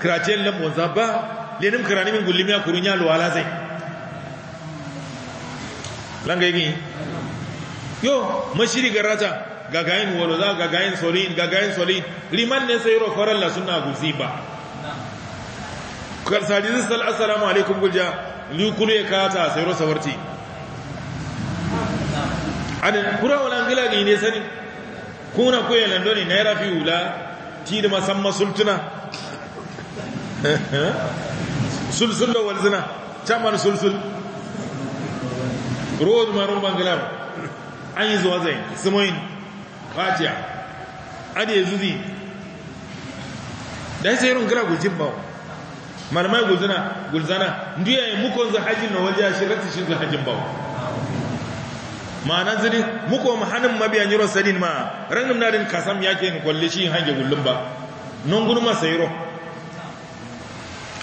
kratel lam wazaba lenim krani min gullimiya kurunya luwala zai langa yi yo mashiri garata gagayin waloza gagayin solin gagayin solin liman ne sai rofarar la sunna guziba karsadi Sadi assalamu alaikum gulja ya kata sayro sawarti adan kura wala ngila gi ne sani kuna ko landoni na rafi ula ti da masamma sultuna sulsul da walzina chaman sulsul road maron bangalar an yi zuwa zai simoyin fatiya ade zuzi da sai irin gira gujin bawa malamai gulzana gulzana ndiyo ya muko za hajin na waje shirati shi za hajin bawo ma'ana zini muko mu hanin mabiyan yiro sadin ma ranin narin kasam yake in kwalle shi hange gullun ba non gurma sayro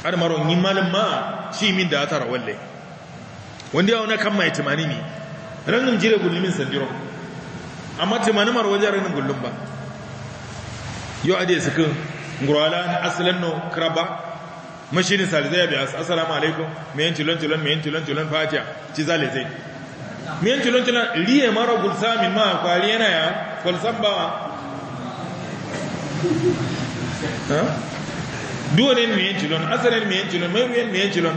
har maron yin malam ma shi min da atara walle wanda yawo na kan mai timani mi ranin jire gullumin sandiro amma timani mar waje ranin gullun ba yo ade sukin ngurala asalan no kraba mashirin salizai bi assalamu alaikum mayan tilon tilon mayan tilon tilon fatiya ci zalizai mayan tilon tilon liye mara gulsa min ma kwari yana ya kwalsan bawa duwanen mayan tilon asalin mayan tilon mai wuyan mayan tilon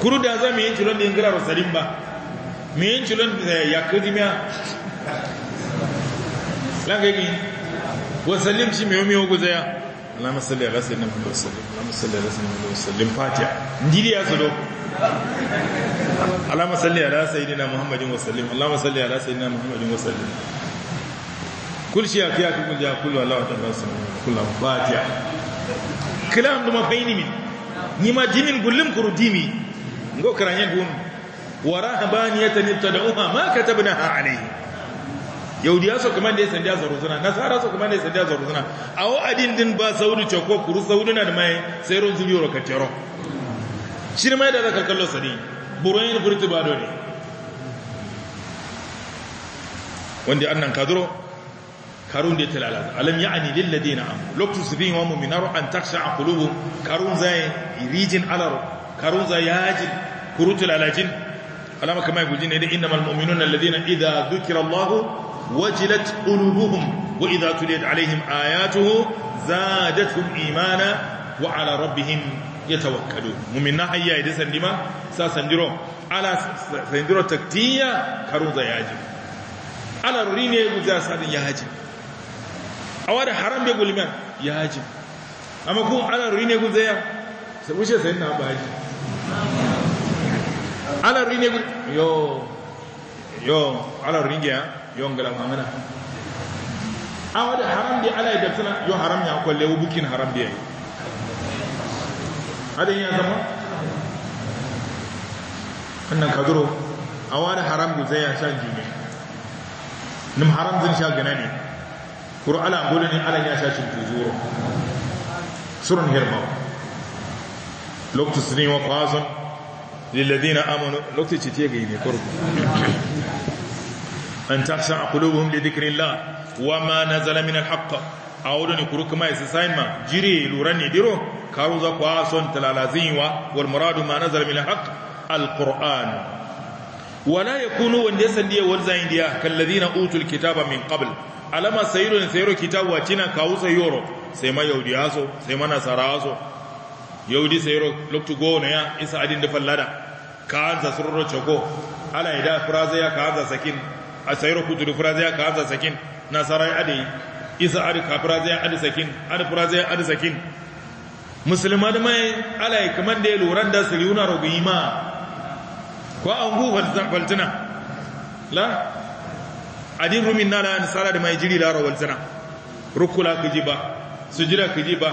kuru da za mayan tilon da yin girar sarin ba mayan tilon eh, ya kirimiya langayi wasallim shi mai omi ogu zaya Allahumma salli ala sayyidina Muhammad sallallahu alaihi wasallam. Allahumma salli ala sayyidina Muhammad sallallahu alaihi wasallam. Fatiha. Ndiri ya zodo. Allahumma salli ala sayyidina na sallallahu alaihi wasallam. Allahumma salli ala sayyidina Muhammad sallallahu alaihi wasallam. Kul shi afiya ku kul ya kul Allahu ta'ala sallallahu kul Fatiha. Kalam duma baini min. Ni ma jinin gullim kurudimi. Ngo karanya gum. Wa rahabaniyatan ibtada'uha ma katabnaha alayhi. Yaudiya su kuma da ya sandi a zaruzuna nasara su kuma da ya sandi a zaruzuna a o adin din ba saudu cokko kuru saudu na da mai sai ron zuriyo ro kaccero shi mai da zakar kallo sadi buroyin furti ba dole wanda annan kaduro karun da ya talala alam ya'ani lil ladina am loktu sibin wa mu'minar an taksha qulubum karun zai irijin alar karun zai yajin kurutul alajin alama kama yaqulun inda malmominu na alladhina idha dhukira allah wajilat qulubuhum wa idza tuliyat alaihim ayatuhu zadatuhum imana wa ala rabbihim yatawakkalu mu'minna hayya idan sandima sa sandiro ala sandiro taktiya karun da yaji ala ruri rine guza sadin ya yaji awada haram be gulman yaji amma kun ala rine guza ya wuce sayin na baji ala ruri ne rine yo yo ala ruri rine ya yongala mamana awada haram bi ala da e sana yo haram ya ko lewu bukin haram di ayi adin ya zama annan kaduro awada haram gu zai ya sha jini nim haram zin sha gana ne ala gole ne ala ya sha shi tuzuro surun hirma lokacin sinin wa qazan lil ladina amanu lokacin ce ga ne kurku an a da ma na taksha qulubuhum li dhikrillah wama nazala min alhaq awdani kurukuma isaima jiri lurani diro karuza kwa son talalazinwa wal muradu ma nazala min alhaq alquran wala ya yakunu wanda yasandiye walza indiya na utul kitaba min qabl alama sayiro ne sayiro kitabu wa cina kawusa yoro sai ma yaudi yaso sai ma nasara yaso yaudi sayiro loktu gona ya isa adin da fallada ka anza surro choko ala ida fraza ya ka anza sakin asayro kuturu frazia ka haza sakin nasarai adai isa adi ka frazia adi sakin adi frazia adi sakin musulman mai alai kaman da luran da siriyuna rubima ko an gu faltina la adin rumin nana nasara da mai jiri da rawaltina rukula kiji ba sujira kujiba, ba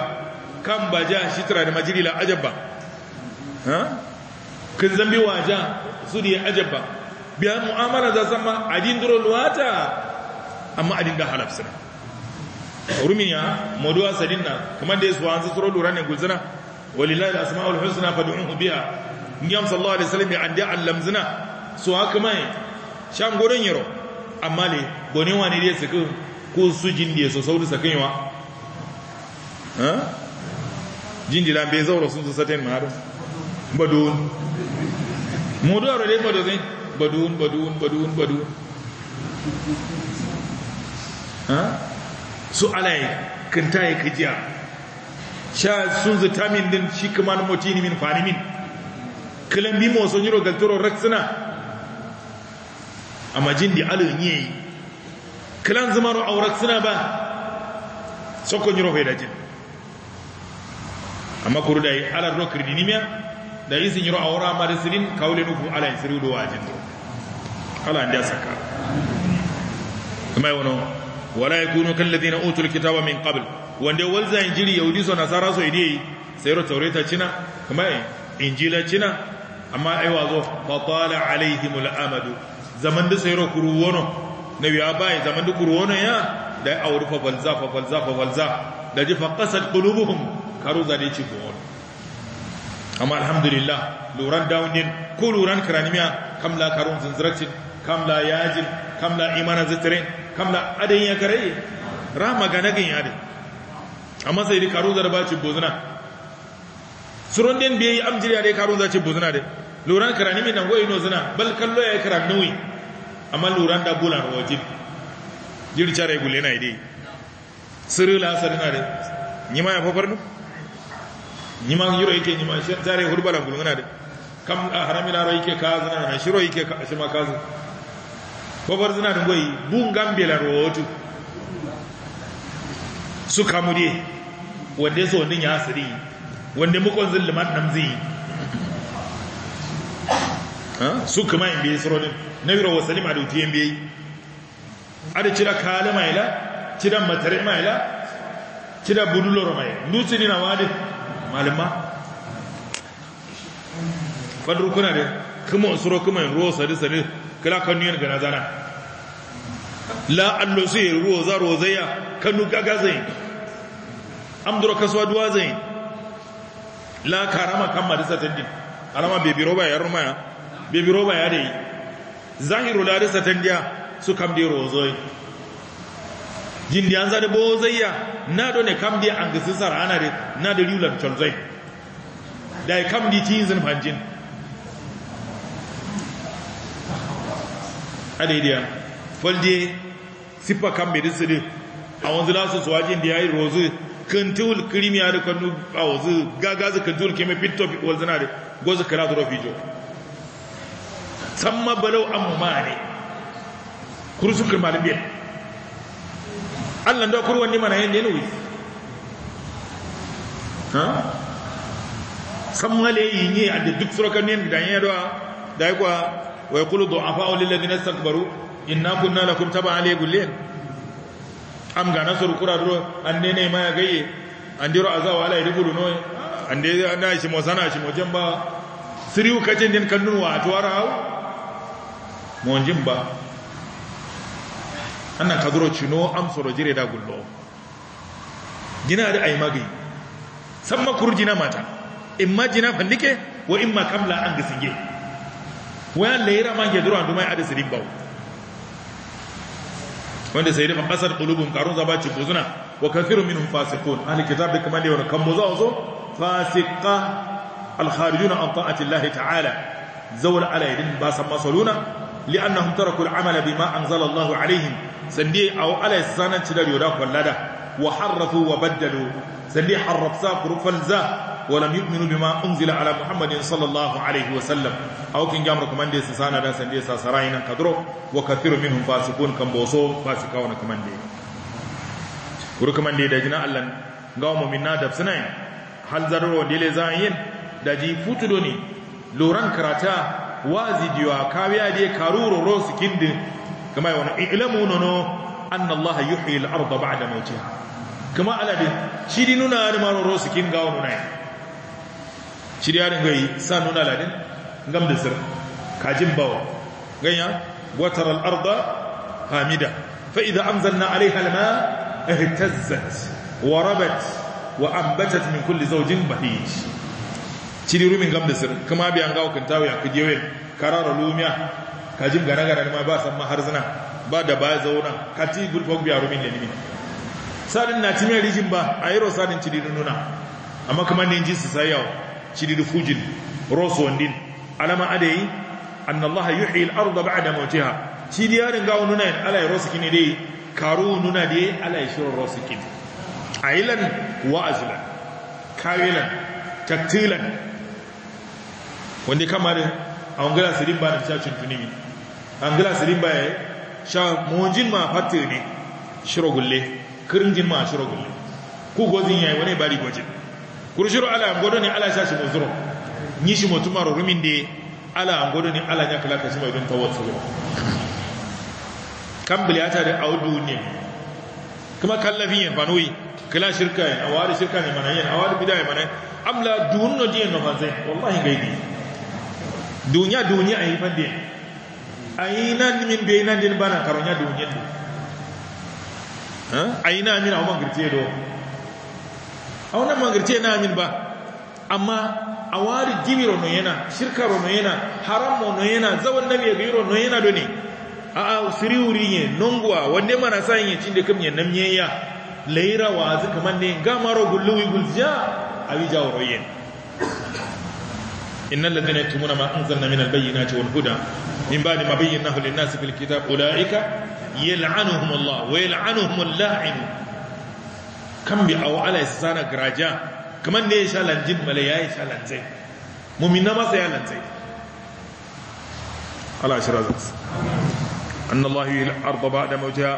kan ba ja shitra da majiri la ajabba ha kin zambi waja su da ajabba biya mu'amala za zama adin duro luwata amma adin da Rumi rumiya moduwa sadinna kamar da yasu wanzu suro lura ne gulzina fadi un husna fad'uhu biha ngiyam allah alaihi wasallam an da zina su haka mai shan gudun yaro amma ne gonin wani da yasa ko su jindi so saudu sakinwa wa? jindi dan be zauro sun su satin ma ba don moduwa da moduwa badun badun badun badun su alai kinta ya kajiya sha sun zitamin din shi kuma na motini min fanimin kilan bi mo son yiro galtoro raksuna amma jin di alun yi kilan zama ro auraksina ba sokon yiro da jin amma kuru dai alar no kridinimia da isin yiro awra kawulin uku ala yasridu wajidu ala ndia saka kuma wano wala kan kal na otul kitaba min kabil wanda walza jiri yahudi so nasara so idai sai ro taurata cina kuma injila cina amma ai wazo fa tala alaihimul amadu zaman da sai ro kuru Na biya bayan zaman da kuru wano ya da auri fa falza fa falza fa falza da ji fa qasad qulubuhum karu zane ci ko amma alhamdulillah luran daunin ko luran kiranimiya kam la karun zinziracin kam la yajin kam la imanar zitirin kam la adin ya kare rama ganagin ya adin amma sai da karun zarba ce bozuna surun din biyayi amjiriya da ya karun zace bozuna dai luran kiranimi nan goyi no zina bal kallo ya kiran nuwi amma luran da bulan wajib jirce regulena dai. sirri la asali na da ni ma ya fafarnu ni ma yiro yake ni ma shi tare hurbala gulmana da kam ah, harami la roi ke kazu na shiro yake ka shi ma kazu ko bar zina dun goyi bun gambe la rotu su kamude wanda so din ya asiri wanda mukon zulman nan zai ha su kuma in bi suro din na biro wasalima adu tiyan bi ada cira kalama ila cira matare ila cira budulor maila nusi dina wadi malumma fadru kuna da kuma usuro kuma yin ruwa sadi sadi kala kanu yin gana zana la allo sai ruwa za ruwa zai ya kanu gaga zai amdura kasuwa duwa zai la karama kan marisa tendin alama bebi roba ya ruma ya bebiro ya dai zahiru larisa tendiya su kam da ruwa zai jindi na do ne kamdi re na da nade riwlan colzoy day kamdi tinsen fanjin aɗa yiɗiya folde sippa kamɓe ɗi a wanzu lasu da ya yi rozu kintul kirimi ya da kwanu a wanzu gagazu kintul kemi fito wanzu na da gozu kira zuro fijo san mabalau amma ma ne kurusun kirmalin biyar allah ndo kuru wandi mana yende wi ha yi ni ade duk soroka nen danye do yi kwa wa yaqulu du'afa lil ladina istakbaru inna kunna lakum tab'a li gullin am ga nasur kura do ande ne ma gaye an ro azawa ala idulu no ande ana shi mo sana shi mo jamba siriu kaje din kannun wa rawo mo ba annan kaguro cino am soro jire da gullo Gina da ay magi samma kurjina mata imma jina fandike wa imma kamla an gisinge waya layira ma ke duro andu mai sirin bawo wanda sai da fasar qulubum qarun zaba ci kuzuna wa kathirun minhum fasiqun ahli kitab kuma ne kan muzo zo fasiqa al an ta'ati allah ta'ala zawal ala yadin ba san masaluna li'annahum tarakul amala bima anzala Allah alaihim sandi aw ala sanan cidar yoda kollada wa harrafu wa baddalu sandi harraf harrafsa kurfanza wa lam yu'minu bima unzila ala muhammadin sallallahu alaihi wa sallam aw kin jamra kumande sana dan sandi sa sarayna kadro wa kathiru minhum fasikun kan boso kamande. kumande kamande da jina Allah gawo mu'minna da sunai hal zarro dile zayin daji futudo ne loran karata Wazi diwa wazidiwa kawiyade karuroro sikinde kama yana ilamu nono anna allah yuhyi al-ardha ba'da mawtiha kama alade shiri nuna ni maroro sikin gawo nuna shiri yarin yi sa nuna alade ngam da sir kajin bawo ganya watar al-ardha hamida fa idha anzalna 'alayha al-ma'a ihtazzat wa rabat wa anbatat min kulli zawjin bahij ciri rumin gam da sir kuma biyan gawo kan tawo ya kujewe karara lumiya kajin gara gara ma ba san maharzina ba da ba zauna kati gulfog biya rumin da ne sadin na cime rijin ba a yiro sadin ciri nuna amma kuma ne sai su ciri da fujin rosu wandin alama adayi annallaha allaha yuhyi al-ardha ba'da mawtiha cili yarin gawo nuna in ala rosu ya dai karu nuna dai ala yiro rosu kin ailan wa azlan kawilan taktilan wonde kamare awongela sirimba na cha chuntunimi angela sirimba ya sha monjin ma fatini shirogulle kirinjin ma shirogulle ku gozin yayi wani bari gojin shiro ala ngodo ne ala shashi muzuro nyishi motuma rumin de ala ngodo ne ala nya kala kashi mai don tawassul kambili ata da audu ne kuma kallafin ya fanoyi kila shirka ya awari shirka ne mana yin awari bidaya mana amla dunno diyan no fanzai wallahi gaidi dunya dunya ay fande nan min beynan din bana karonya dunya do ha ayna min awman girte do awna ma girte na min ba amma awari jimiro no yana shirka ro no yana haram mo no yana zawan nabi giro no yana do ne a a siri wuri ne nongwa wande mana san yin cinde kam ne namye ya laira wa azu kamar ne gamaro gulluwi gulziya abi jawro innal ladhina yaktumuna ma anzalna min al-bayyinati wal huda min ba'di ma bayyanahu lin-nasi fil kitab ulaika yal'anuhum Allah wa yal'anuhum al-la'in kam bi aw ala isana garaja kaman ne ya sha lanjin male ya sha lanzai mu'minna ma sai ya lanzai ala shiraz anna Allah yal-ardu ba'da mawtiha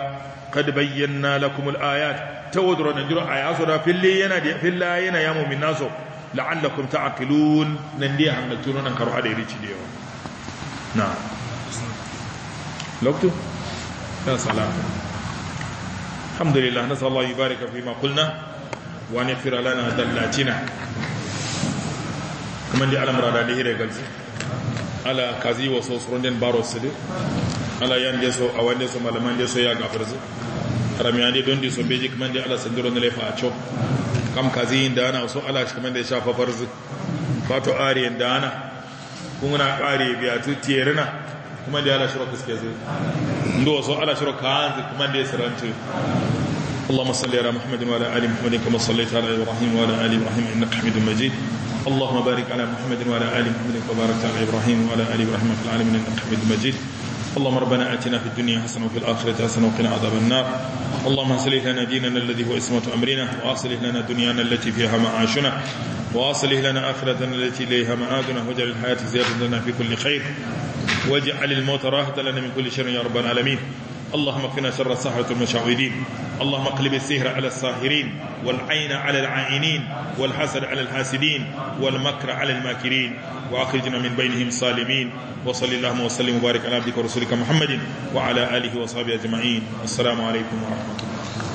qad bayyana lakum al-ayat tawadru najru ayatu da filli yana da filla yana ya mu'minna so la'allakum ta'qilun nan dai hanga tuno nan karo da rici da yawa na lokto ya salam alhamdulillah nasal Allah yubarika fi ma qulna wa an yaghfira lana dallatina kuma dai al'amura da hire galsi ala kazi wa sosurun den baro sidi ala yan so awan so malaman so ya gafarzu Aramya don di sobe ji kamar da ala sandiro na laifa a kam kazi yin dana so ala shi kamar da ya shafa farzi fato ariyan da ana kuma na ƙari biya tu tiyarina kuma da ala shirka suke zai wasu ala shirka hanzu kuma da ya sirance اللهم صل على محمد وعلى ال محمد كما صليت على ابراهيم وعلى ال ابراهيم انك حميد مجيد اللهم بارك على محمد وعلى ال محمد كما باركت على ابراهيم وعلى ال ابراهيم في العالمين انك حميد مجيد اللهم ربنا آتنا في الدنيا حسنة وفي الآخرة حسنة وقنا عذاب النار اللهم أصلح لنا ديننا الذي هو عصمة أمرنا وأصلح لنا دنيانا التي فيها معاشنا وأصلح لنا آخرتنا التي إليها مآدنا واجعل الحياة زيادة لنا في كل خير واجعل الموت راحة لنا من كل شر يا رب العالمين اللهم اكفنا شر سحرة المشعوذين اللهم اقلب السهر على الساهرين والعين على العائنين والحسد على الحاسدين والمكر على الماكرين وأخرجنا من بينهم سالمين وصل اللهم وسلم وبارك على عبدك ورسولك محمد وعلى آله وصحبه أجمعين السلام عليكم ورحمة الله